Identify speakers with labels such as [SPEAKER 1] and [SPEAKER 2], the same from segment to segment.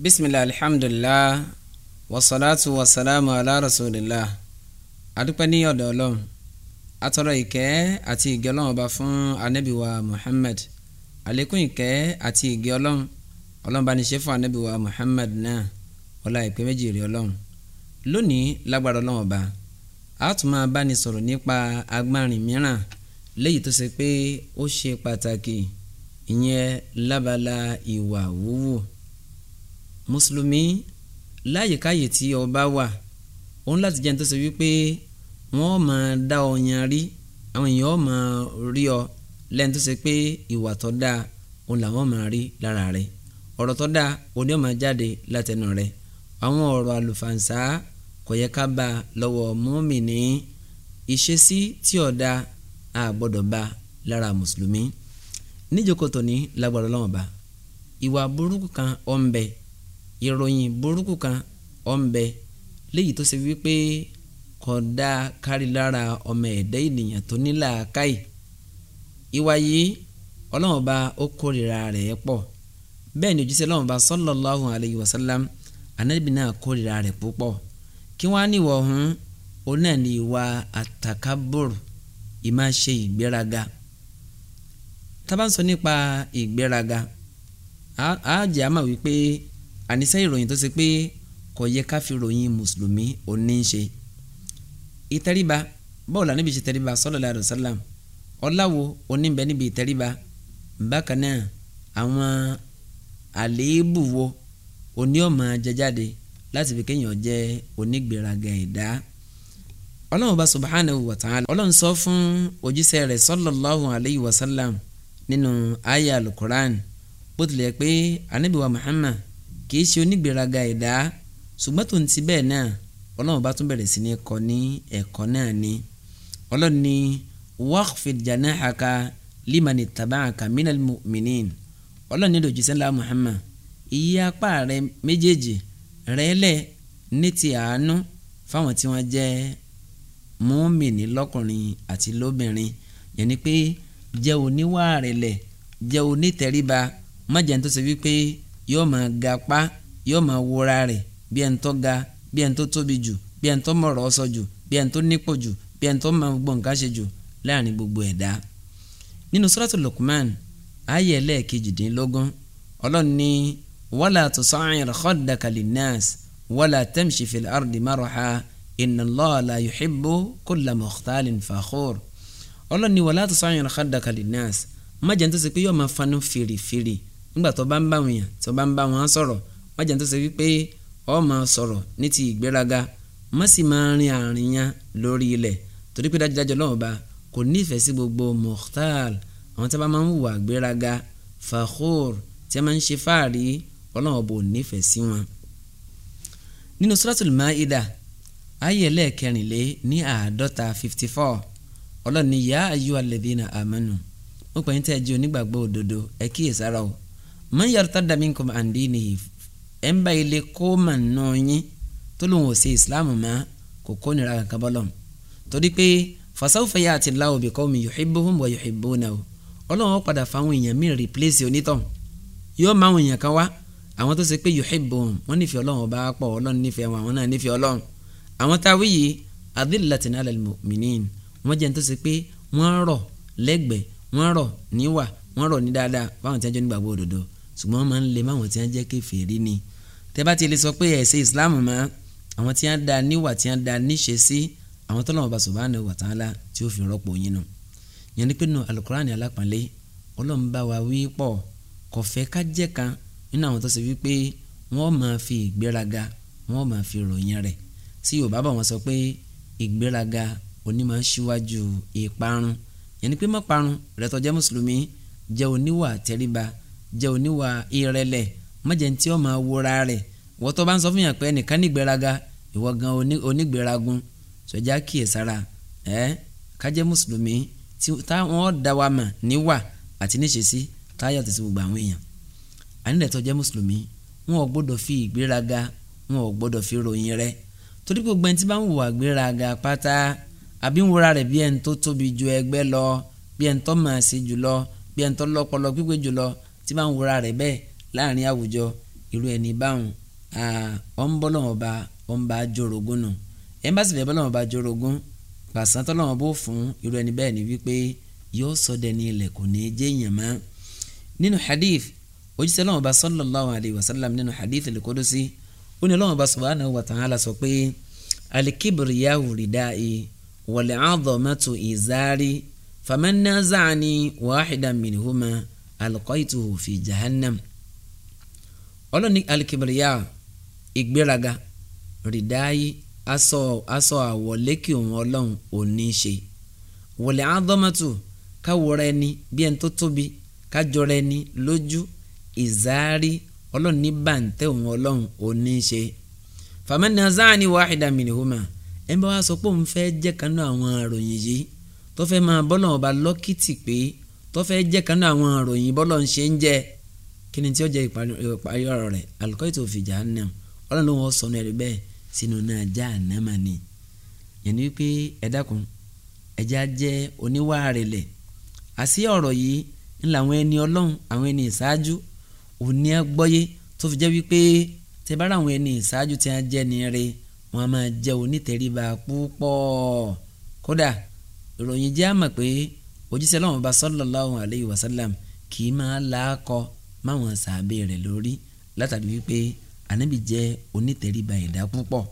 [SPEAKER 1] bisimilahi alhamdulilah wasalaatu wasalaamu ala rasulillah adúpẹ́ ní ọ̀dọ̀ ọlọ́run atọ́rọ̀ ìkẹ́ àti ìgẹ́ ọlọ́run ọba fún anabi wa muhammad àlékún ìkẹ́ àti ìgẹ́ ọlọ́run ọlọ́run bá ní ṣe fún anabi wa muhammad náà ọlá ìpè méjì rí ọlọ́run lónìí lágbára ọlọ́run ọba a tún máa bá ní nípa agbárin mìíràn léyìí tó ṣe pé ó ṣe pàtàkì ìyẹn lábala ìwà wúwù mùsùlùmí láyèkáyè tí ọba wà òun láti jẹun tó sọ wípé wọ́n máa dá ọyàn rí àwọn èèyàn máa rí ọ lẹ́yìn tó ṣe pé ìwà tó dáa òun làwọn máa rí lára rẹ ọ̀rọ̀ tó dáa òun ni ó máa jáde látẹnu rẹ àwọn ọ̀rọ̀ àlùfàǹsá kò yẹ ká bá a lọ́wọ́ mùmínì ìṣesí tí ó dáa bá lára mùsùlùmí níjókòó tòní lágbára ọlọ́wọ́n bá ìwà burúkú kan ọ̀ ń bẹ́ẹ̀ ìròyìn burúkú kan ọ̀nbẹ léyìí tó ṣe wípé kódà kárí lára ọmọ ẹ̀dá ènìyàn tó ní làákàyè ìwà yìí ọlọ́run ọba ó kórìíra rẹ̀ pọ̀ bẹ́ẹ̀ ni òjíṣẹ́ ọlọ́run ọba sallallahu alayhi wa sallam anabi náà kórìíra rẹ̀ púpọ̀ kí wọ́n á níwọ̀ ọ̀hún ó náà ní ìwà àtàkàbòrò ìmá ìgbéraga tá ń sọ nípa ìgbéraga àá àmà wípé àníṣẹ́ ìròyìn tó ṣe pé kò yẹ ká fi ròyìn mùsùlùmí òní ń ṣe ìtẹríba báwo la níbi ṣe tẹríba sallallahu alaihi wasallam ọláwo oníbẹ̀ níbi ìtẹríba bákan náà àwọn àléébù wo oní ọ̀mà jẹjáde láti fi kéèyàn jẹ́ onígbèraga ẹ̀dá ọlọ́run bá subhanahu wa ta'ala ọlọ́run sọ fún òjíṣẹ́ rẹ̀ sallallahu alaihi wasallam nínú àyá alukuran bó tilẹ̀ pé anabiwa muhammad kìí ṣe onígbèraga ẹ̀dá ṣùgbọ́n tó ń ti bẹ́ẹ̀ náà ọlọ́run bá tún bẹ̀rẹ̀ sí ní kọ́ ní ẹ̀kọ́ náà ni ọlọ́run ní waqfid janahaka limani taba'aka minal mu'minin ọlọ́run nílò jùsẹ́ ńlá Muhammad iye apá rẹ méjèèjì rẹ́lẹ̀ ní ti àánú fáwọn tí wọ́n jẹ́ mùmínì lọ́kùnrin àti lóbìnrin yẹn ni pé jẹ́ oníwà rẹ̀lẹ̀ jẹ́ onítẹríba má jẹ́ ní tó ṣe wípé yóò máa gapá yóò máa wúra rẹ̀ bí ẹni tó ga bí ẹni tó tóbi jù bí ẹni tó mọ̀rọ̀ ọsọ jù bí ẹni tó nípò jù bí ẹni tó máa gbọ̀n ká ṣe jù láàrin gbogbo ẹ̀dá. nínú suratu Luqman ayé ẹlẹ́ẹ̀kejìdínlógún ọlọ́run ní wala tusa'ir khaddaka linnas wala tamshi fil ardi maraha inna Allaha la yuhibbu kulla mukhtalin fakhur ọlọ́run ní wala tusa'ir khaddaka linnas má jẹ́ ní tó ṣe pé yóò máa fanu fìrìfìrì nígbà tó bá ń bá wọn yàn tó bá ń bá wọn sọ̀rọ̀ má jẹ́ tó ṣe wípé ó máa sọ̀rọ̀ ní ti ìgbéraga má sì máa rin àríyàn lórí ilẹ̀ torí pé dájúdájú Ọlọ́run Ọba kò nífẹ̀ẹ́ sí gbogbo mukhtal àwọn tí a bá máa ń hùwà gbéraga fakhur tí a máa ń ṣe fáàrí Ọlọ́run Ọba ò nífẹ̀ẹ́ sí wọn. nínú Suratul Maida ayé ẹlẹ́ẹ̀kẹrìnlé ní àádọ́ta fifty four Ọlọ́run ní ya ayyuhalladhina amanu mo pẹ̀yìn tẹ́ ẹ jẹ́ man yartadda minkum an dinihi ẹ̀ ń bá ilé kó mà nù yín tó lóun ò ṣe ìsìláàmù mọ́ kò kó nira kankan bọ́lọ̀ torí pé fasawfa ya'ti Allahu bi qawmin yuhibbuhum wa yuhibbunahu ọlọ́run ó padà fáwọn èèyàn míì rìpléṣì onítọ̀hún yóò máa wọn èèyàn kan wá àwọn tó ṣe pé yuhibbuhum wọn nífẹ̀ẹ́ ọlọ́run ọba pọ̀ ọlọ́run nífẹ̀ẹ́ wọn àwọn náà nífẹ̀ẹ́ ọlọ́run àwọn táwí yìí adillatin alal mu'minin wọ́n jẹ́ tó ṣe pé wọ́n rọ̀ lẹ́gbẹ̀ẹ́ wọ́n rọ̀ níwà wọ́n rọ̀ ní dáadáa báwọn tí wọ́n jẹ́ nígbàgbọ́ òdodo ṣùgbọ́n wọ́n máa ń le máwọn tí wọ́n jẹ́ kèfèrí ni tẹ́ bá ti lè sọ pé ẹ̀sìn Islam mọ́ àwọn tí wọ́n da níwà tí wọ́n da níṣe sí àwọn tọ́nà ọba subhanahu wa ta'ala tí ó fi rọ́pò yín nù yẹn ni pé nù alukurani alápọ̀nlé ọlọ́run bá wa wí pọ̀ kò fẹ́ ká jẹ́ kan nínú àwọn tó ṣe wípé wọ́n máa fi ìgbéraga wọ́n máa fi ròyìn rẹ̀ sí yorùbá bá wọn sọ pé ìgbéraga onímọ̀ síwájú ìparun yẹn ni pé má parun rẹ̀ tó mùsùlùmí jẹ́ oníwà tẹríba jẹ́ oníwà ìrẹ̀lẹ̀ má jẹ́ ntí ó wọ́n tó bá ń sọ fún yàn pé ẹnìkan nígbéraga ìwọ gan onígbéragun sọjá kíyèsára ẹ kájẹ́ mùsùlùmí táwọn dá wa mà níwà àti níṣesí táyà tẹ̀sí gbogbo àwọn èèyàn ànílẹ̀ tó jẹ́ mùsùlùmí wọn ò gbọ́dọ̀ fi ìgbéraga wọn ò gbọ́dọ̀ fi ròyìn rẹ̀ torí gbogbo ẹni tí bá ń wà gbéraga pátá àbí ń wúra rẹ̀ bí ẹni tó tóbi ju ẹgbẹ́ lọ bí ẹni tó màá sí jùlọ bí ẹni tó lọ́pọlọ pípé jùlọ tí bá ń wúra rẹ̀ bẹ́ẹ̀ láàrin àwùjọ irú ẹni báwọn ọ̀nbọ́lọ́wọ́n bá ọ̀nbá jorogún nù ẹ̀ ń bá sì fẹ́ bọ́lọ́wọ́n bá jorogún pàṣán tọ́lọ́wọ́n bó fún irú ẹni bẹ́ẹ̀ ni wípé yóò sọ dẹni ilẹ̀ kò ní jẹ́ èèyàn mọ́ nínú hadith òjíṣẹ́ lọ́wọ́n bá sallallahu alayhi wa sallam nínú hadith al-Qudusi ó ní lọ́wọ́n bá subhanahu wa ta'ala sọ pé alqaituhu fi jahannam ọlọ́ni alikibiriya ìgbéraga rìdáyé aṣọ aṣọ àwọ̀lékè òun ọlọ́run ò ní í ṣe wọlé àádọ́mọ́tò káwọ́ra ẹni bí ẹni tó tóbi kájọra ẹni lójú ìzáárí ọlọ́run ní bàǹtẹ́ òun ọlọ́run ò ní í ṣe fàmẹ́nà záàní wa sọ pé òun fẹ́ jẹ́ kanú àwọn àròyìn yìí tó fẹ́ máa bọ́ náà tó fẹ́ jẹ́ kan náà àwọn ìròyìn bọ́lọ̀ ń ṣe ń jẹ́ kí ni tí ó jẹ́ ìparí ọ̀rọ̀ rẹ̀ alqaitu fi jahannam ọlọ́run ló wọ́n sọnù ẹ̀rí bẹ́ẹ̀ sínú náà jahannama ni yẹn ni pé ẹ dákun ẹja jẹ́ oníwà rẹ̀lẹ̀ àti ọ̀rọ̀ yìí ń làwọn ẹni ọlọ́run àwọn ẹni ìṣáájú òní agbọ́yé tó fi jẹ́ wípé tẹ bá ráwọn ẹni ìṣáájú tí a jẹ́ ni re wọ́n a máa jẹ́ onítẹ̀ríba púpọ̀ kódà ìròyìn jẹ́ àmọ̀ pé òjíṣẹ́ ọlọ́run bá sallallahu alayhi wa sallam kì í máa laakọ máwọn sàbẹ̀ rẹ̀ lórí látàrí wípé anabi jẹ́ onítẹ̀ríba ẹ̀dá púpọ̀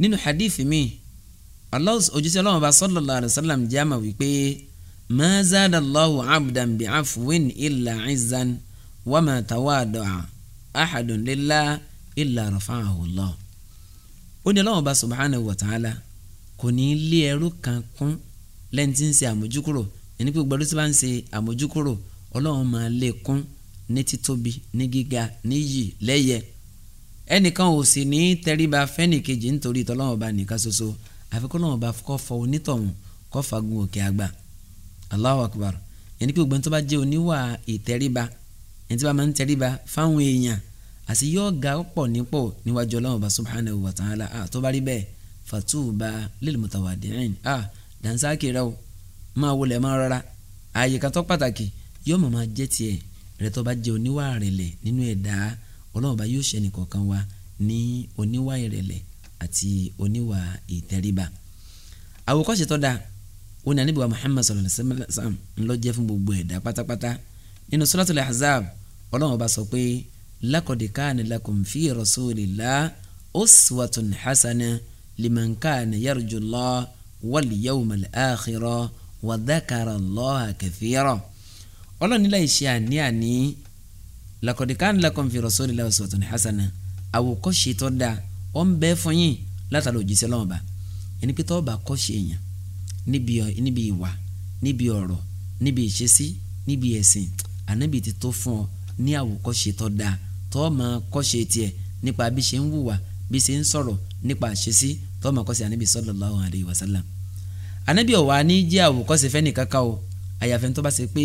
[SPEAKER 1] nínú hadith mi òjíṣẹ́ ọlọ́run bá sallallahu alayhi wa sallam jẹ́ àmà wípé ma zada Allahu abdan bi afwin illa izzan wa ma tawadaa ahadun ó ní ọlọ́run bá subhanahu wa ta'ala kò ní lé ẹrú kan kún lẹ́yìn tí ń ṣe àmójúkúrò ẹni pé gbọ́dọ̀ tí bá ń ṣe àmójúkúrò ọlọ́run máa lè kún ní títóbi ní gíga ní yì lẹ́yẹ ẹnìkan ò sì ní tẹríba fẹ́nìkejì nítorí tọ́lọ́run ọba nìkan ṣoṣo àfikún ọlọ́run ọba kọ́ fọ onítọ̀hún kọ́ fagun òkè àgbà Allahu Akbar ẹni pé gbọ́n tó bá jẹ́ oníwà ìtẹríba ẹni tí bá máa ń tẹríba fáwọn èèyàn àti yóò ga ọ̀pọ̀ nípò níwájú ọlọ́run ọba subhanahu wa ta'ala ah tó bá rí bẹ́ẹ̀ fatuba lil ah dànsáàkì rẹ o máa wọlé máa rárá àyíká tó pàtàkì yóò máa jẹ́ tiẹ̀ rẹ tó bá jẹ́ oníwà ìrẹ̀lẹ̀ nínú ẹ̀dá ọlọ́ọ̀bá yóò ṣe nìkọ̀ọ̀kan wa ní oníwà ìrẹ̀lẹ̀ àti oníwà ìtẹríba àwòkọ́ṣe tó dáa wọn ni ànábì wa Muhammad sallallahu alaihi wasallam ńlọ jẹ́ fún gbogbo ẹ̀dá pátápátá nínú suratul Ahzab ọlọ́run sọ pé laqad kana lakum wal-yawm al-akhirah wa dhakara Allaha kathira ọlọ́nìlá ìṣe àní-àní laqad kana lakum fi rasulillahi uswatun hasana àwòkọ́ṣe tó dáa ó ń bẹ fún yín látàrí òjíṣẹ́ lọ́wọ́ bá ẹni pé tọ́wọ́ bá kọ́ṣe èèyàn níbi ìwà níbi ọ̀rọ̀ níbi ìṣesí níbi ẹ̀sìn ànábì ti tó fún ọ ní àwòkọ́ṣe tó dáa tọ́wọ́ máa kọ́ṣe nípa bí ṣe ń wùwà nípa àṣesí tó máa kọ́sí anabi sallallahu alayhi wa sallam anabi ọ̀wá ní jẹ́ àwòkọ́sí fẹ́ni kankan o àyàfẹ́ tó bá ṣe pé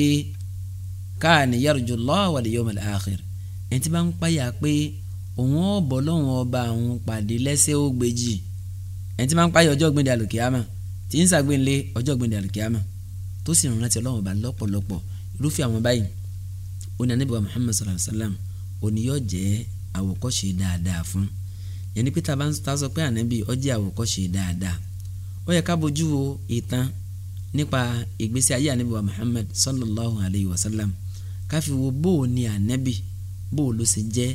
[SPEAKER 1] káàní yarju Allah wal yawmal akhir ẹni tí bá ń páyà pé òun ò bọ́ lọ́wọ́n ọba àwọn pàdé lẹ́sẹ̀ ó gbèjì ẹni bá ń páyà ọjọ́ gbẹ̀ndé alùkìyàmà tí ń sàgbéǹlé ọjọ́ gbẹ̀ndé alùkìyàmà tó sì rántí yẹn ni pé tá a bá ń sọ pé ànábì ó jẹ́ àwòkọ́ṣe dáadáa ó yẹ ká bójú wo ìtàn nípa ìgbésí ayé ànábì wa Muhammad sallallahu alayhi wa sallam ká fi wo bó o ní ànábì bó o ló ṣe jẹ́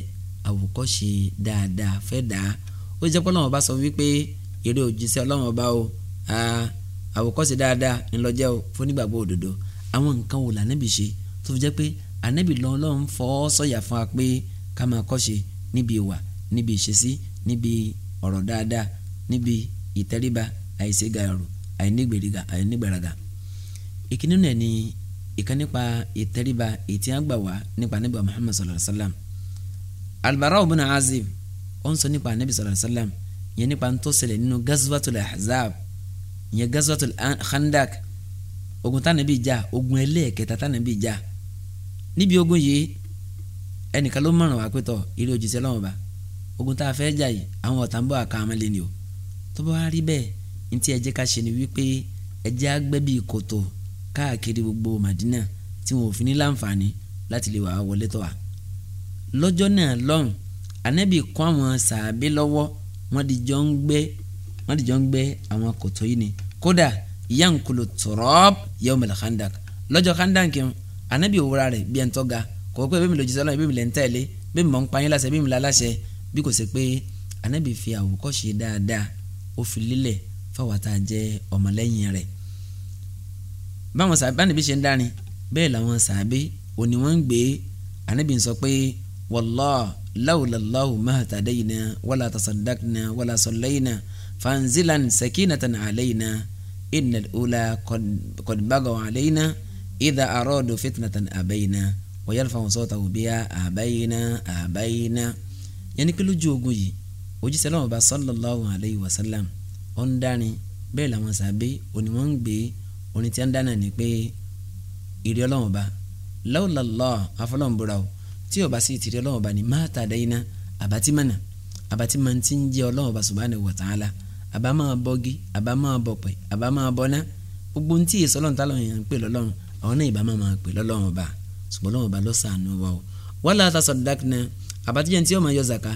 [SPEAKER 1] àwòkọ́ṣe dáadáa fẹ́ dáa ó jẹ́ pé ọlọ́run bá sọ wípé eré òjíṣẹ́ ọlọ́run ọba o àwòkọ́ṣe dáadáa ńlọjẹ́ o fún nígbàgbọ́ òdodo àwọn nǹkan wò lànàbì ṣe tó fi jẹ́ pé ànàbì lọ́n níbi ọ̀rọ̀ dáadáa níbi ìtẹríba àìṣègàrò àìnígbèríga àìnígbèrágà ìkíní náà ni ìkan nípa ìtẹríba ètí àgbà wá nípa Ànábì Muhammad sallallahu alayhi wa sallam Al-Bara ibn Azib ó ń sọ nípa Ànábì sallallahu alayhi wa sallam yẹn nípa ń tó ṣẹlẹ̀ nínú Ghazwatul Ahzab yẹn Ghazwatul Khandak ogun tánàbí jà ogun ẹlẹ́ẹ̀kẹta tánàbí jà níbi ogun yìí ẹnìkan ló mọ̀ràn wá pé tọ̀ òjì sí ogun tá a fẹ́ jà yìí àwọn ọ̀tá ń bọ̀ àka àwọn lẹ́ni o tó bá wá rí bẹ́ẹ̀ ní tí ẹ ká ṣe ni wípé ẹ jẹ́ àgbẹ̀ bíi kòtò káàkiri gbogbo Madina tí wọn ò fi ní láǹfààní láti lè wà á wọlé tọ̀ wá. lọ́jọ́ náà lọ́hùn Ànábì kọ́ àwọn sàábé lọ́wọ́ wọ́n dìjọ́ ń ń gbẹ́ àwọn kòtò yìí ni kódà yankulu turab yawmul khandak lọ́jọ́ khandak yẹn Ànábì òwúra rẹ̀ bí ẹn tọ́ga kò pé bẹ́ẹ̀ mi lòjì sọ́lá bẹ́ẹ̀ mi lẹ́ ń mi mọ̀ ń pa yín láṣẹ bẹ́ẹ̀ mi lẹ́ bí kò ṣe pé anabi fi àwòkọ́ṣe dáadáa ó fi lílẹ̀ fáwọn tá a jẹ́ ọmọlẹ́yìn rẹ̀ báwọn sàbẹ́ anabi ṣe ń dárin bẹ́ẹ̀ làwọn sàbẹ́ òní wọ́n ń gbé anabi ń sọ pé wàllọ́ọ̀ lawulallahu mahatadayina wala tasadakina wala sọlẹ́yina fanzilan sakinatan alayna inna ula kọdbagaw alayna idha arodo fitnatan abayna wayalfa wosota wubiya abayna abayna. abayna yẹnni pé lójú ogun yìí òjíṣẹ́ lọ́wọ́ bá sallallahu alayhi wa sallam ó ń dárin bẹ́ẹ̀ làwọn sàbẹ́ òní wọ́n ń gbé orin tí a ń dáná ni pé ìrẹ́ ọlọ́wọ́n bá lọ́wọ́lọ́lọ́ afọlọ́nbúra o tí ọba sì ti rí ọlọ́wọ́n bá ní má ta dẹ́yìn náà àbátí mọ̀nà àbátí máa ti ń jẹ́ ọlọ́wọ́n bá subhanahu wa ta'ala àbá máa bọ́gi àbá máa bọ̀pẹ̀ àbá máa bọ́ná gbogbo ntí ìsọlọ́n tá lọ́wọ́ yẹn pè lọ́lọ́run àwọn náà ìbá máa pè lọ́lọ́run ọba ṣùgbọ́n lọ́wọ́ ọba ló ṣàánú àbátíjẹ́ tí ó máa yọ zaka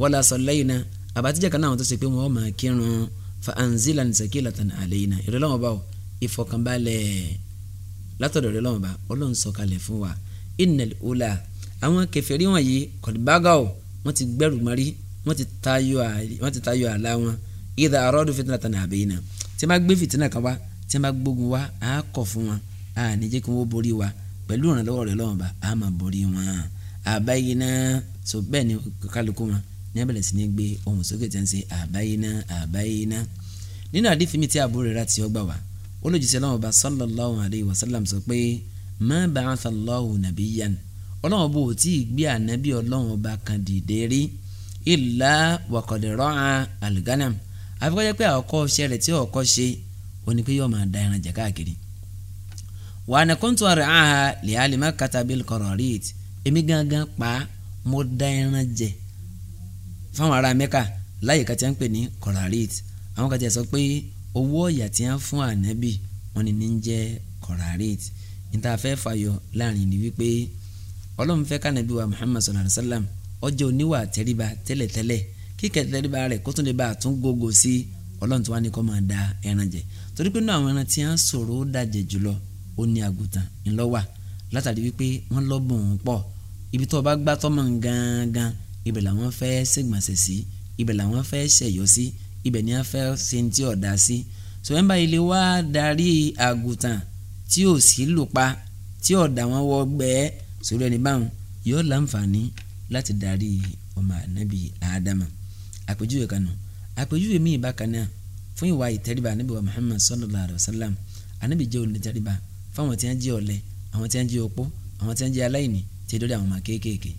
[SPEAKER 1] wala sallayna àbátíjẹ́ kan náà àwọn tó ṣe pé wọ́n máa kírun fa anzilan sakilatan alayna ìrẹ́lọ́wọ́n ba o ìfọkànbalẹ̀ látọ̀dọ̀ ìrẹ́lọ́wọ́n bá ọlọ́run sọ̀kalẹ̀ fún wa innal ula àwọn kèfèrí wọ̀nyí kọ̀dùbágà o wọ́n ti gbẹ́rù mọ́rí wọ́n ti tayọ àlá wọn ìdá àrọ́dún fitnatan abayna tí wọ́n bá gbé fìtínà kan wá tí wọ́n bá gbógun wá àá kọ̀ fún wọn àá níjẹ́ kí wọ́n borí wa pẹ̀lú ìrànlọ́wọ́ rẹ̀ àbáyíná so bẹ́ẹ̀ ni kálukú wọn ní abẹ́lẹ̀ sí ní gbé ohùn sókè tí wọ́n ṣe àbáyíná àbáyíná nínú àdífi mi tí Abu Huraira ti ọgbà wá olójúṣe lọ́wọ́ bá sallallahu alayhi wa sallam sọ pé má ba'atha Allahu nabiyyan ọlọ́wọ́ bò tí ì gbé ànábì ọlọ́wọ́ bá kan dìde rí illa wa qad ra'a àfikọ́jẹ́ pé àkọ́kọ́ ṣe rẹ̀ tí ọ̀kọ́ ṣe ó pé yóò máa da ẹran jẹ káàkiri. wa ana kuntu ar'aha li ahli Makkata bil qararit èmi gangan pa mo da ẹran jẹ fáwọn ará mẹ́ka láyé kan tí a ń pè ní kọ̀ràrít àwọn kan tí a sọ pé owó ọ̀yà tí a ń fún ànábì wọn ni ní ń jẹ́ kọ̀ràrít níta fẹ́ fàyọ láàrin ni wípé ọlọ́run fẹ́ kànábì wa Muhammad sallallahu alayhi wa sallam ọjọ́ oníwà tẹríba tẹ́lẹ̀tẹ́lẹ̀ kíkẹ́ tẹríba rẹ̀ kó tún lè bá a tún gógó sí ọlọ́run tí wàá ní kó máa da ẹran jẹ torí pé inú àwọn ẹran tí a ń sọ̀rọ̀ dàjẹ́ jùlọ ó ní àgùntàn ńlọ́wà látàrí wípé wọ́n lọ́bùn pọ̀ ibi tó o bá gbá tọ́mọ̀ gangan ibẹ̀ làwọn fẹ́ ṣègbọ̀nsẹ̀ sí ibẹ̀ làwọn fẹ́ ṣẹ̀yọ́ sí ibẹ̀ ni a fẹ́ ṣe ti ọ̀dà sí so ẹ̀ ń bá ilé wá darí àgùntàn tí ò sí lù pa tí ọ̀dà wọn wọ gbẹ́ẹ́ sórí ẹni báwọn yóò láǹfààní láti darí ọmọ ànábì ádámà àpèjúwe kanu àpèjúwe míì bákan náà fún ìwà ìtẹríba ànábì wa muhammad sallallahu alayhi wa sallam ànábì jẹ́ olùtẹríba fáwọn tí wọ́n jẹ́ ọ̀lẹ àwọn tí wọ́n jẹ́ opó àwọn tí wọ́n jẹ́ aláìní tí lórí àwọn ọmọ kéékèèké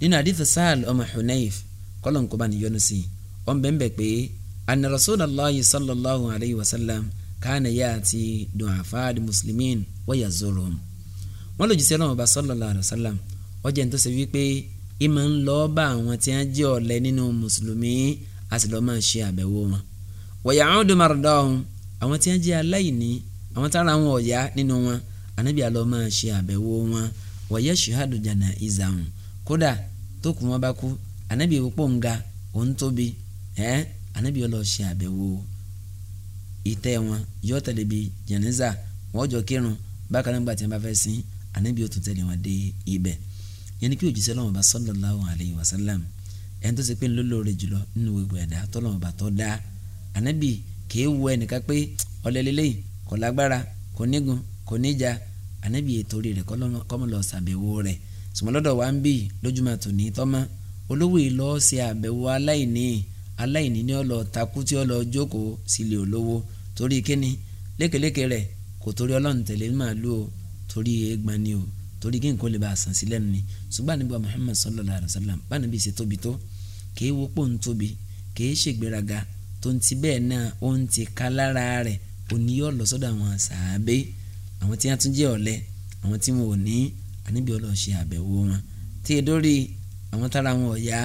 [SPEAKER 1] nínú àdìsí sáàl ọmọ hunayf kọlọ̀n kó bá níyọnu sí i wọn bẹ́ẹ̀ bẹ́ẹ̀ pé anna rasulallah sallallahu alayhi wa sallam kana yaati du'afaad muslimin wa yazuruhum wọn lòdì sí ọlọ́run ọba sallallahu alayhi wa sallam ọjà ní tó ṣe wípé ìmọ̀ ń lọ bá àwọn tí wọ́n jẹ́ ọ̀lẹ nínú mùsùlùmí a sì ṣe àbẹ̀wò wọn wa ya'udu mardahum àwọn tí wọ́n jẹ́ aláìní àwọn tára wọn ọ̀yá nínú wọn ànábì àlọ́ ṣe àbẹ̀wò wọn wọ̀yẹ ṣùhádù jàǹdà ìzàhùn kódà tó kù wọn bá kú ànábì púpọ̀ ń ga òun tóbi ẹ́ ànábì yóò lọ ṣe bi jẹ̀nìzà wọ́n jọ kírun bákan náà gbàtí wọn bá fẹ́ sìn ànábì yóò tún tẹ̀lé wọn dé ibẹ̀ yẹn ni kí òjíṣẹ́ lọ́wọ́ bá sallallahu alayhi wa sallam ẹni tó ṣe pé ńlọ́lọ́ọ̀rẹ́ jùlọ nínú gbogbo ẹ̀dá tọ́lọ́wọ́ bá tọ́ da ànábì kì í wọ ẹnìkan pé ọ̀lẹ́lẹ́lẹ́yìn kò ànábì ètò orí rẹ̀ kọ́mọ lọ sàbẹ̀wò rẹ̀ ṣùgbọ́n lọ́dọ̀ wa ń bì lójúmọ́ tò ní tọ́mọ́ olówó ìlọ ṣe àbẹ̀wò aláìní aláìní ni ó lọ takú tí ó lọ jókòó sílé olówó torí kíni lékeleke rẹ̀ kò torí ọlọ́run tẹ̀lé màálù o torí eégbọn ni o torí kí nǹkan lè bá a sàn sílẹ̀ ni ṣùgbọ́n àníbọ̀ Muhammad sallallahu alayhi wa sallam báni bí ṣe tóbi tó kì í wopó ń tóbi kì í ṣègbéraga tó ń ti bẹ́ẹ̀ náà ó ń ti ká lára rẹ̀ òní yóò lọ sọ́dọ̀ àwọn sàábé àwọn tí a tún jẹ́ ọ̀lẹ àwọn tí wọn ò ní ànábì ọlọ́ọ̀ ṣe àbẹ̀wò wọn tí e dórí àwọn tára wọn ọ̀yá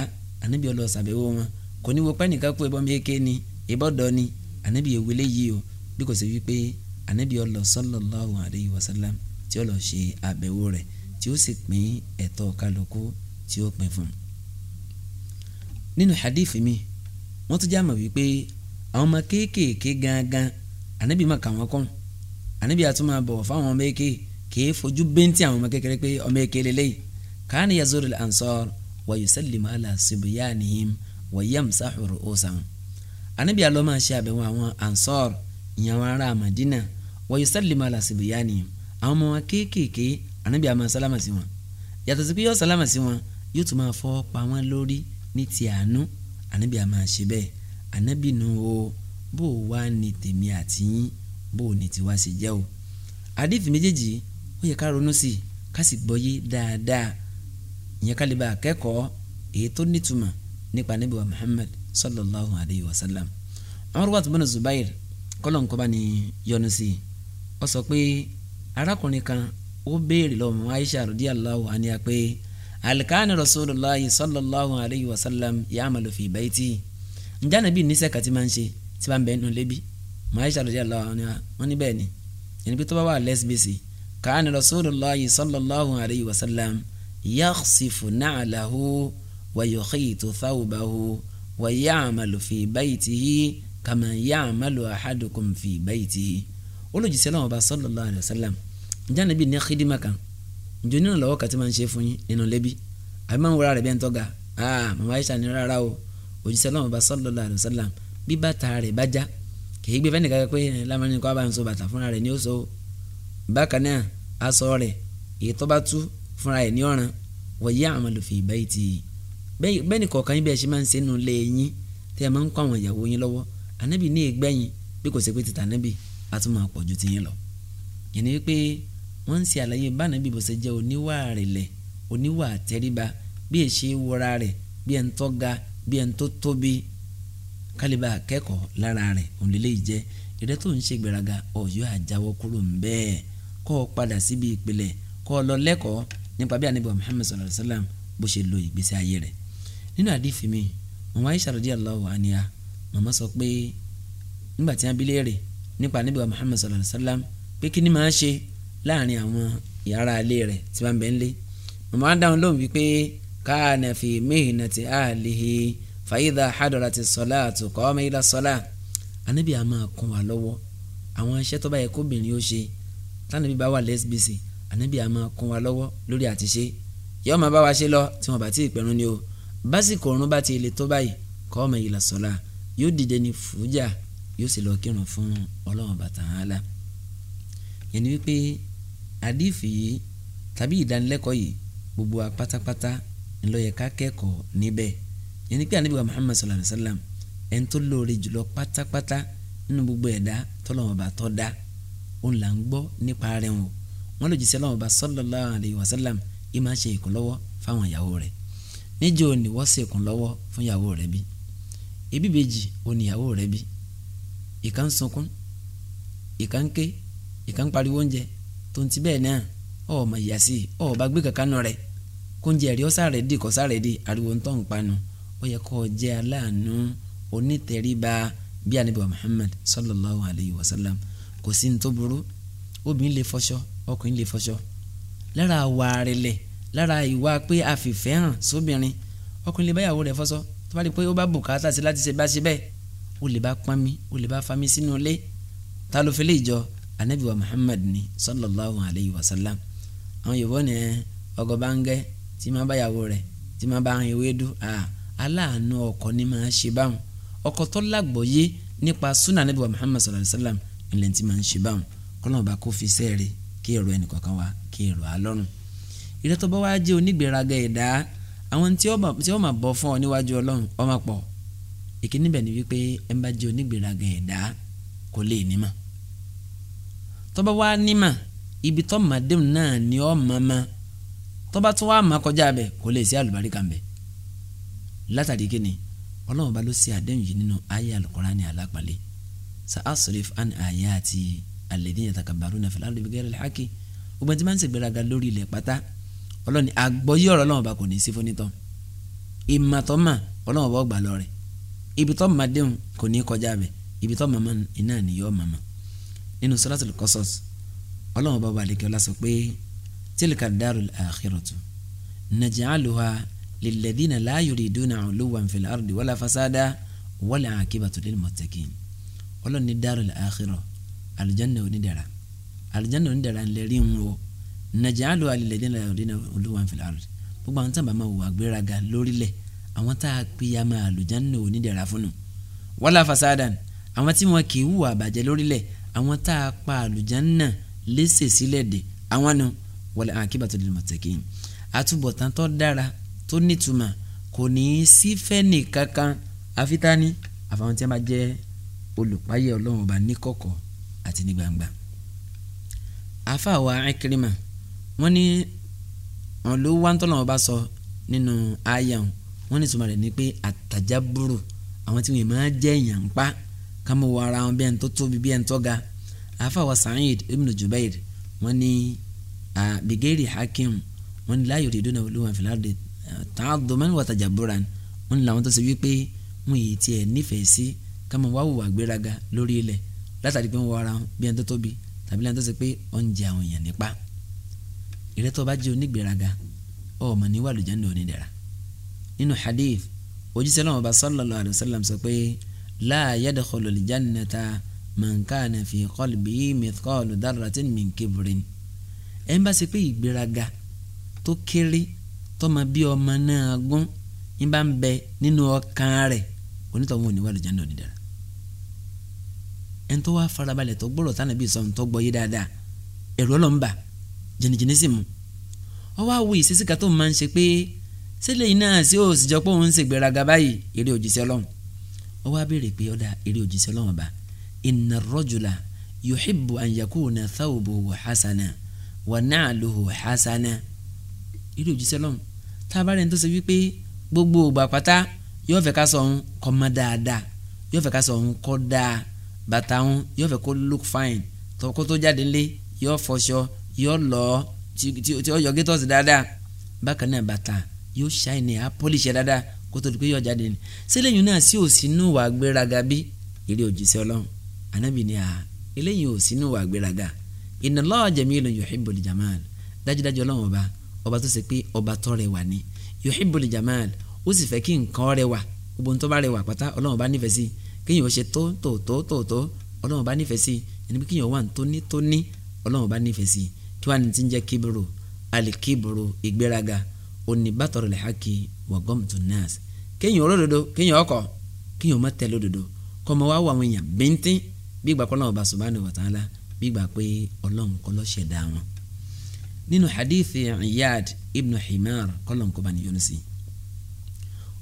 [SPEAKER 1] ànábì ọlọ́ọ̀ ṣàbẹ̀wò wọn kò ní wo pẹ́ kú ẹbọ méke ni ìbọ̀dọ̀ ni ànábì èwe léyìí o bí kò sí wípé ànábì ọlọ́ọ̀ sallallahu alayhi wa sallam tí ọlọ́ọ̀ ṣe àbẹ̀wò rẹ̀ tí ó sì pín ẹ̀tọ́ kálukú tí ó pín fún nínú hadith mi wọ́n tún já mọ̀ wípé àwọn ọmọ kéékèèké gangan ànábì má kà wọ́n kọ́n ànábì àtúmọ̀ bọ̀wọ̀ fáwọn ọmọ èké kìí fojú bẹ́ntì àwọn ọmọ kékeré pé ọmọ èké lélẹ́yìí káàní yazuru ansor wa yusallimu ala sibiyanihim wa yamsahu ru'usahum ànábì àlọ́ máa ṣe àbẹ̀wò àwọn ansor ìyẹn àwọn ará Madina wa yusallimu ala sibiyanihim àwọn ọmọ kéékèèké ànábì àmọ́ sálámà sí wọn yàtọ̀ sí pé yóò sálámà sí wọn yóò tún máa fọ́ pa wọn lórí ní ti àánú ànábì àmọ́ àṣẹ bẹ́ẹ̀ nù o bó o ní tèmi àtìyín bó o ní tiwa ṣe jẹ́ o àdìfì méjèèjì ó yẹ ká ronú sí i ká sì gbọ́yé dáadáa ìyẹn ká lè bá akẹ́kọ̀ọ́ èyí tó nítumọ̀ nípa Ànábì wa Muhammad sallallahu alayhi wa sallam Urwat bin Zubair kọ́lọ̀ nǹkan bá ní yọ́nú sí i ó sọ pé arákùnrin kan ó béèrè lọ́mọ Aisha radiyallahu anha pé alikani rasulillah sallallahu alayhi wa sallam ya'malu fi bayti ǹjẹ́ Ànábì níṣẹ́ kàtí máa ń ṣe tí bá ń bẹ́ẹ̀ nù lébi maisha rẹ̀ lọ wọn ní bẹ́ẹ̀ ni ẹni pé tó bá wà lẹ́sibẹ́sì káàní rasulullahi sallallahu alayhi wa sallam yakhsifu na'lahu wa yukhitu thawbahu wa ya'malu fi baytihi kama ya'malu ahadukum fi baytihi olùjíṣẹ́ náà ọba sallallahu alayhi wa sallam jáde bíi ní xidima kan njó nínú lọ́wọ́ kàtí máa ń ṣe fún yín nínú lẹ́bi àbí máa ń wúra rẹ̀ bẹ́ẹ̀ ń tọ́ga ah màmá aisha ní rárá o òjíṣẹ́ náà ọba sallallahu alayhi wa sallam bí bàtà bá já kì í gbé fẹ́ẹ́ nìkan pé lámàrin nìkan bá ń so bàtà fúnra rẹ̀ ní ó so bákan náà aṣọ rẹ̀ èyí tó bá tú fúnra rẹ̀ ní ọ̀ràn wọ̀nyí àmàlù fi ìbá yìí ti bẹ́ẹ̀ ni kọ̀ọ̀kan yín bí ẹ ṣe máa ń sẹ́nu lé yín tí ẹ máa ń kọ́ àwọn ìyàwó yín lọ́wọ́ ànábì ní ìgbẹ́yìn bí kò sí pé títà ànábì á tún máa pọ̀ ju ti yín lọ. yẹn ni wípé wọ́n ń ṣe àlàyé bá ànábì bó ṣe jẹ́ oníwà rẹ̀lẹ̀ oníwà àtẹríba bí ẹ ṣe wọra rẹ̀ bí ẹ ń tọ́ ga bí ẹ ń tó tóbi kálíbà akẹ́kọ̀ọ́ lára rẹ̀ òǹlẹ́lẹ́ ìjẹ́ ìrẹ́ tó ń ṣe gbéraga ọ̀yọ́ àjáwọ́ kúrò ń bẹ́ẹ̀ kọ́ ọ padà síbi ìpìlẹ̀ kọ́ ọ lọ lẹ́kọ̀ọ́ nípa bí Ànábì Muhammad sallallahu alayhi wa sallam bó ṣe lo ìgbésí ayé rẹ̀ nínú àdìfí mi màmá Aisha radiyallahu anha màmá sọ pé nígbà tí wọ́n bi léèrè nípa Ànábì Muhammad sallallahu alayhi wa sallam pé kí ni màá ṣe láàrin àwọn yàrá ilé rẹ̀ tí wọ́n bẹ̀ ń lé màmá dáhùn lóhùn wípé fàyídà hadọ̀rà ti sọ̀lá àtùkọ́ ọmọ ilà sọ̀lá ànábì àmà kún wa lọ́wọ́ àwọn iṣẹ́ tó bá yẹ kóbìnrin ó ṣe tánàbí bá wà lẹ́sbìsì ànábì àmà kún wa lọ́wọ́ lórí àtiṣe yọ máa bá wa ṣe lọ tí wọn bá ti ìpẹ̀rún ni o básìkò òrùn bá ti ilé tó báyìí kọ́ ọmọ ìlà sọ̀la yóò dìde ní fújà yóò sì lọ kírun fún ọlọ́run bàtà hàn la. wípé àdìfì yìí tàbí ìdánilẹ́kọ̀ọ́ yìí gbogbo wa ńlọ yẹ ká kẹ́kọ̀ọ́ níbẹ̀ yẹn ni pé anabi wa muhammad sallallahu alayhi wa sallam ẹni tó lóore jùlọ pátápátá nínú gbogbo ẹ̀dá tọ́lọ́wọ́n bá tọ́ da òun là ń gbọ́ nípa rẹ̀ wọn wọn lòdì sí ọlọ́wọ́n bá sallallahu alayhi wa sallam yìí máa ń ṣe ìkúnlọ́wọ́ fáwọn ìyàwó rẹ̀ níjẹ́ òní wọ́n ṣe ìkúnlọ́wọ́ fún ìyàwó rẹ̀ bí ebi bèjì òní ìyàwó rẹ̀ bí ìkan ń sunkún ìkan ń ké ìkan ń pariwo oúnjẹ tó ń ti bẹ́ẹ̀ náà ọ̀ọ́ mà yà sí ọ̀ọ́ bá gbé kankan nù rẹ̀ kóúnjẹ rí ọ́sà rẹ̀ dì kọ́sà rẹ̀ dì ariwo ń tọ́ ń panu ó yẹ kó jẹ́ aláàánú onítẹríba bí anabi muhammad sallallahu alayhi wa sallam kò sí ní tó burú obìnrin lè fọṣọ ọkùnrin lè fọṣọ lára àwa àrẹ̀lẹ̀ lára ìwà pé àfìfẹ́ hàn sóbìnrin ọkùnrin lè báyàwó rẹ̀ fọṣọ tó bá rí i pé ó bá bùkátà sí láti ṣe bá ṣe bẹ́ẹ̀ ó lè bá pọ́nmi ó lè bá fami sínú ilé ta ló fi lè jọ anabi wa muhammad ni sallallahu alayhi wa sallam àwọn yorùbá ni ọgọ bá ń gẹ tí máa báyàwó rẹ̀ tí máa bá ń ewédú àà. Ah aláàánú ọkọ ni máa ṣe báwọn ọkọ tó lágbọ̀ọ́yé nípa sunnah nabi wa muhammad sallallahu alayhi wa sallam ilẹ̀ tí máa ń ṣe báwọn kọ́nà bá kó fi sẹ́ẹ̀rẹ̀ kí èrò ẹnì kọ̀ọ̀kan wá kí èrò alọ́run ìrẹ́ bá wá jẹ́ onígbèraga ẹ̀dá àwọn tí ó máa bọ̀ fún ọ níwájú ọlọ́run ó máa pọ̀ ìkíní bẹ̀ ni wípé ẹ bá jẹ́ onígbèraga ẹ̀dá kò lè nímọ̀ tó bá wá nímọ̀ ibi tó máa dé náà ni ó máa máa tó bá tún wá máa kọjá bẹ̀ kò lè sí àlùbáríkà bẹ̀ látàrí kíni ọlọ́run bá ló ṣe àdéhùn yìí nínú ayé alukurani alápàlẹ́ sa asrif an ayati alladhina yatakabbaruna fil ardi bighayri al-haqqi gbogbo ẹni tí máa ń ṣègbéraga lórí ilẹ̀ pátá ọlọ́ni àgbọ́yé ọ̀rọ̀ ọlọ́run bá kò ní í sí fúnitọ́ ìmọ̀tọ́mà ọlọ́run bá gbà lọ rẹ̀ ibi tó máa déhùn kò ní í kọjá bẹ̀ ibi tó máa iná lilladhina la yuriduna uluwan fil ardi wala fasada wala akibatu lil muttaqin ọlọ́run ní darul akhirah aljanna onídàrá aljanna onídàrá ńlẹ̀ rí ń wo naj'alu lilladhina la yuriduna uluwan fil ardi gbogbo àwọn tábà máa wò àgbéraga lórílẹ̀ àwọn tá a pè ya máa aljanna onídàrá fún un wala fasadan àwọn tí wọn kì í hùwà àbàjẹ́ lórílẹ̀ àwọn tá a pa àlùjánnà léṣe sílẹ̀ dé àwọn nu wọlé àkíbàtò lè mọ̀tẹ́kì àtúbọ̀tán tó dára tó nítumọ̀ kò ní í sí fẹ́ni kankan àfitání àfàwọn tí a máa jẹ́ olùpáyé ọlọ́run ọba níkọ̀kọ̀ àti ní gbangba. àfàwà Ikrima wọ́n ní wọn ló wá ń ọba sọ nínú àyà wọn wọ́n ní rẹ̀ ni pé àtàjábúrò àwọn tí wọ́n máa jẹ́ èèyàn pa ká mọ̀ wọ ara wọn bí ẹni tó tóbi bí ẹni tó ga àfàwà Sa'id ibn Jubair wọ́n ní bigeri hakim wọ́n ní láyò rèédọ́nà olúwa fìlà ta'adduman wa tajabburan ń làwọn tó ṣe wípé wọn yìí tiẹ̀ nífẹ̀ẹ́ sí káma wá hùwà gbéraga lórí ilẹ̀ látàrí pé wọn wọ ara bí ẹni tó tóbi tàbí lẹ́yìn tó ṣe pé ó ń jẹ àwọn èèyàn nípa ìrẹ́tọ́ bá jẹ́ onígbéraga ọmọ ní wà lójà ń lò nídẹ̀ra nínú hadith ojúṣe náà ọba sallallahu alayhi wa sọ pé la yadkhulul jannata man kana fi qalbihi mithqalu darratin min kibrin ẹ̀ ń bá ṣe pé ìgbéraga tó kéré tọ́mọ bí ọmọ náà gún ní bá ń bẹ nínú ọkàn rẹ̀ onítọ̀hún ò ní wà lójà náà dídára ẹni tó wá farabalẹ̀ tó gbọ́rọ̀ tánà bíi sọ̀rọ̀ tó gbọ́ yé dáadáa ẹ̀rọ ọlọ́mbà jìnnìjìnnì sì mú ọwọ́ àwọ̀ ìṣesí kan tó máa ń ṣe pé sílẹ̀ iná sí òsìjọ́ pé òun ń ṣègbéraga báyìí eré òjíṣẹ́ ọlọ́run ọwọ́ abéèrè pé ọ̀dà eré òjíṣẹ́ ọlọ́run ọba inna rajula yuhibbu an yakuna thawbuhu hasana wa na'luhu hasana eré òjíṣẹ́ ọlọ́run tábàárẹ̀ ní tó ṣe wípé gbogbo ògbà pátá yóò fẹ́ ká sọ òun kọ́ mọ́ dáadáa yóò fẹ́ ká sọ òun kọ́ dáa bàtà òun yóò fẹ́ kó look fine tọkọ tó jáde ńlé yóò fọṣọ yóò lọ tí ó yọ gétọ́sì dáadáa bákan náà bàtà yóò ṣàìní á pọ́lìṣẹ́ dáadáa kó tó di pé yóò jáde ní sẹ́lẹ̀yìn náà sí òsínú wà gbéraga bí eré òjíṣẹ́ ọlọ́run anábì ni à eléyìí òsínú wà gbéraga innallaha jamilun yuhibbul jamal ọba tó ṣe pé ọba tó rẹwà ni yuhibbul jamal ó sì fẹ́ kí nǹkan rẹwà gbogbo tó bá rẹwà pátá ọlọ́run bá nífẹ̀ẹ́ sí kéèyàn ó ṣe tó tó tó tó tó ọlọ́run bá nífẹ̀ẹ́ sí ẹni pé kéèyàn wà tóní tóní ọlọ́run bá nífẹ̀ẹ́ sí kí wàá ní ti ń jẹ́ kíburu alikíburu ìgbéraga òní bàtọ̀rọ̀ lè hákì wàgọ́mùtù nas kéèyàn olódodo kéèyàn ọkọ kéèyàn má tẹ̀lé òdodo kọ́mọ wá wà àwọn èèyàn bíntín bí ìgbà kọ́ ọlọ́run bá subhanahu bí ìgbà pé ọlọ́run kọ́ ló wọn nínú hadithi Iyad ibn Himar kọ́lọ̀n kó bá ní yọ́nù sí i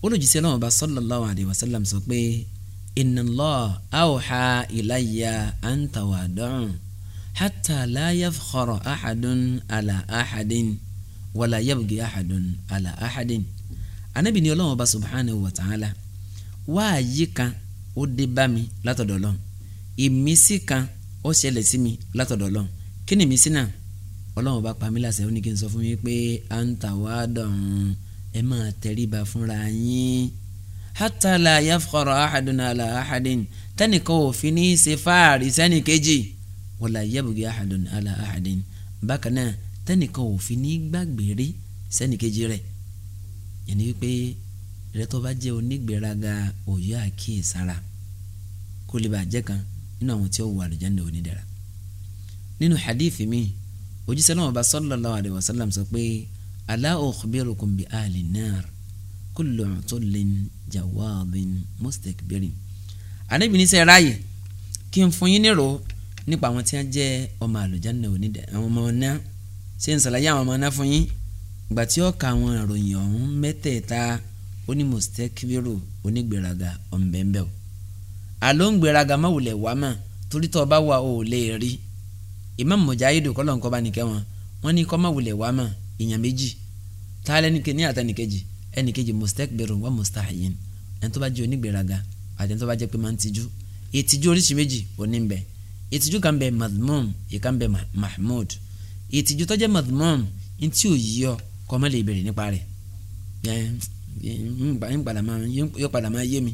[SPEAKER 1] olùjíṣẹ́ náà bá sallallahu alayhi wa sallam sọ pé inna Allah awha ilayya an tawadu'u hatta la yafkhara ahadun ala ahadin wala yabghi ahadun ala ahadin anabi ni Ọlọ́run ọba subhanahu wa ta'ala wáàyí kan ó dé bá mi látọ̀dọ̀ Ọlọ́run ìmísí kan ó ṣẹlẹ̀ sí mi látọ̀dọ̀ Ọlọ́run kí ni ìmísí náà ọlọ́run bá pa mí láṣẹ ó ní kí n sọ fún yín pé à ń tà wá dọ̀rùn ẹ máa tẹríba fúnra yín hatta la yafkhara ahadun ala ahadin tẹ́nìkan ò fi ní í ṣe fáàrí sẹ́nì kejì wala yabghi ahadun ala ahadin bákan náà tẹ́nìkan ò fi ní gbàgbére sẹ́nì kejì rẹ̀ yẹn ni wípé rẹ̀ tó bá jẹ́ onígbéraga òye àkíyèsára kó lè bàjẹ́ kan nínú àwọn tí ó wà àlùjáde onídẹ̀ra nínú hadith mi òjíṣẹ́ náà ọba sallallahu alayhi wa sallam sọ pé ala ukhbirukum bi ahli nnar kullu utullin jawadin mustakbirin. Ànábì ní sẹ́ ráàyè kí n fún yín nírò nípa àwọn tí wọ́n jẹ́ ọmọ àlùjánnà onídẹ̀ àwọn ọmọ ọ̀nà ṣé n ṣàlàyé àwọn ọmọ ọ̀nà fún yín ìgbà tí ó ka àwọn ìròyìn ọ̀hún mẹ́tẹ̀ẹ̀ta onímọ̀sítẹ́kìrò onígbèraga ọ̀nbẹ̀ńbẹ̀ o àló ń wá mà torí bá wà o lè rí Imam Mujahidu kọ́lọ̀ ń kọ́ba nìkẹ́ wọn wọ́n ní kọ́má wulẹ̀ wá mà èèyàn méjì tààlẹ́ nìkẹ́ ní àtẹnìkejì ẹnìkejì mustakbirun wa mustahiyin ẹni tó bá jẹ́ onígbèraga àti ẹni tó bá jẹ́ pé máa ń tijú ìtìjú oríṣi méjì òní ń bẹ ìtìjú kan bẹ madmum ìkan bẹ mahmud ìtìjú tó jẹ́ madmum ní tí ò yí ọ kọ́ mọ́ lè bèrè nípa rẹ̀ yóò padà máa yé mi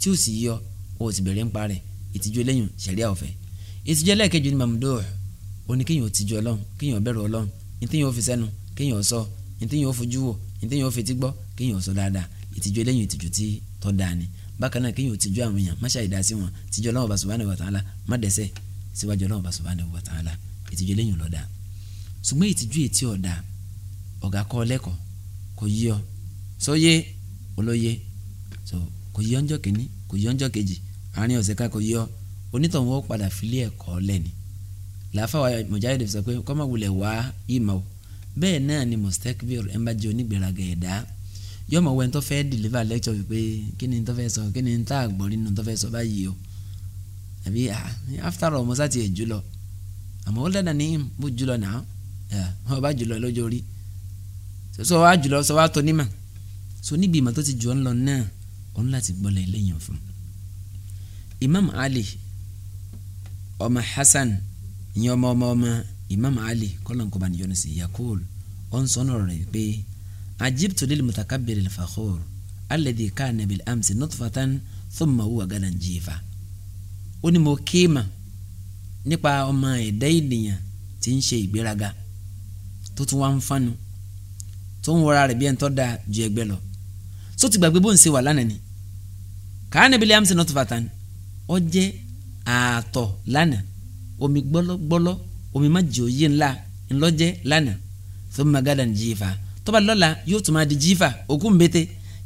[SPEAKER 1] tí ò sì yí ọ ò sì bèrè nípa rẹ̀ ìtìjú eléyìn ṣẹ̀ríà ọ̀fẹ́ ìtìjú ẹlẹ́ẹ̀kejì ni mamduh ó ní kéèyàn tìjú ọlọ́run kéèyàn bẹ̀rù ọlọ́run ní téèyàn fi sẹ́nu kéèyàn sọ ní téèyàn fojú wò ní téèyàn fi ti gbọ́ kéèyàn sọ dáadáa ìtìjú eléyìí ìtìjú tí tọ́ dáa ni bákan náà kéèyàn tìjú àwọn èèyàn má ṣe àìdá sí wọn tìjú ọlọ́run ọba subhanahu wa ta'ala má dẹ́ṣẹ̀ síwájú ọlọ́run ọba subhanahu wa ta'ala ìtìjú eléyìí ló dáa so kò yí ọjọ́ kìíní kò yí ọjọ́ kejì àárín ọ̀sẹ̀ ká kò yí ọ onítọ̀hún ó làáfàá mujahid sọ pé kọ́mọ wulẹ̀ wá ìmọ̀ o bẹ́ẹ̀ náà ni mustakbir ẹ̀ ń bá jẹ́ onígbèraga ẹ̀dá yọmọ wẹ́n tó fẹ́ deliver lecture wípé kí ni tó fẹ́ sọ kí ni tá àgbọ̀n nínú tó fẹ́ sọ báyìí o àbí after all musa ti ẹ̀ jù lọ àmọ́ ó dáadáa ní bó jù lọ náà ọba jù lọ lọ́jọ́ orí sọ wá jù sọ wá tó nímà so níbi ìmọ̀ tó ti jù ọ́ lọ náà òun láti gbọ́lẹ̀ lẹ́yìn fún Imam Ali ọmọ Hasan ìyẹn ọmọ ọmọ ọmọ Imam Ali kọ́lọ́nkọ́ba ni yọ́nù sí yakul ọ̀n sọ́nà rẹ̀ pé ajibtu lil mutakabir al-fakhur alladhi kana bil amsi nutfatan thumma huwa gadan jifa ó ní mo kéema nípa ọmọ ẹ̀dá ènìyàn tí ń ṣe ìgbéraga tó tún wá ń fánu tó ń wọra rẹ̀ bí ẹni da ju ẹgbẹ́ lọ só ti gbàgbé bó ń ṣe wà lánàá ni kàánà bílẹ̀ amsi nutfatan ó jẹ́ ààtọ̀ lánàá omi gbọ́lọ́gbọ́lọ́ omi má jẹ́ òye ńlá lana, lánàá tó má gádà ní jífa tó bá lọ́la yóò tún máa di jífa òkú ń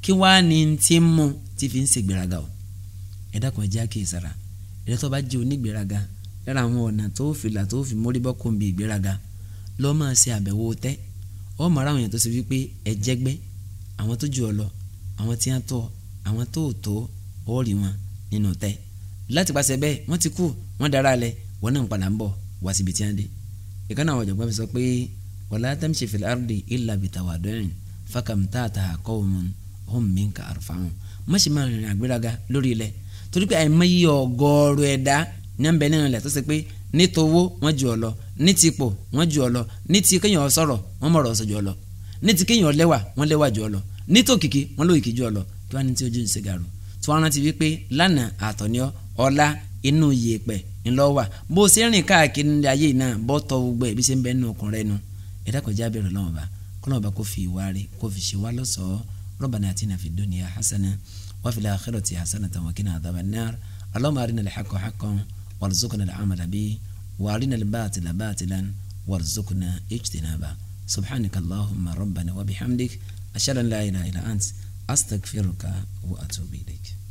[SPEAKER 1] kí wàá ní ti mú tí fi ń ṣe gbéraga o ẹ dákun ẹ jẹ́ àkíyèsára ẹ̀rẹ́ tó bá jẹ́ onígbéraga lára àwọn ọ̀nà tó fi là tó fi mórí bọ́ kóńbi ìgbéraga lọ́ máa ṣe àbẹ̀wò tẹ́ ọ́ mara ara àwọn èèyàn tó ṣe wípé ẹ jẹ́gbẹ́ àwọn tó jù ọ lọ àwọn tí wọ́n tọ́ àwọn tó tó ọ́ rí wọn nínú tẹ́ láti pàṣẹ bẹ́ẹ̀ wọ́n ti kú wọ́n dára lẹ̀ wọn náà ń padà ń bọ̀ wá síbi tí wọ́n dé ìkànnì àwọn ọ̀jọ̀gbọ́n fi sọ pé wala tamshi fil ardi illa bitawadu'in fakam taataha qawmun hum minka arfa'un má ṣe máa rìnrìn àgbéraga lórí ilẹ̀ torí pé àìmọye ọ̀gọ́ọ̀rọ̀ ẹ̀dá ní àbẹ̀ nínú ilẹ̀ tó ṣe pé ní towó wọ́n jù ọ́ lọ ní ti ipò wọ́n jù ọ́ lọ ní ti kéèyàn sọ̀rọ̀ wọ́n mọ̀rọ̀ ọ̀sọ̀ jù ọ́ lọ ní ti kéèyàn lẹ́wà wọ́n lẹ́wà jù ọ́ lọ ní tòkìkí wọ́n lòkìkí jù ọ́ lọ kí wọ́n ní tí ojú ń ṣe gàrú tí wọ́n rántí wípé lánàá àtọ̀níọ́ ọ̀la inú yèèpẹ̀ ńlọ́wà bó o ṣe rìn káàkiri ní ayé náà bọ́ tọ gbogbo ẹ̀ bí ṣe ń bẹ nínú ọkùnrin rẹ nu ẹ̀dá kọjá bẹ̀rẹ̀ lọ́wọ́ bá kọ́nà ọba kò fi ìwà rẹ kò fi ṣe wá lọ́sọ̀ọ́ Rabbana atina fid dunya hasana wa fil akhirati hasanatan wa qina adhaban nar Allahumma arina al-haqqa haqqan warzuqna al-amala bihi wa arina al-batila batilan warzuqna ijtinaba subhanaka Allahumma rabbana wa bihamdik ashhadu an la ilaha illa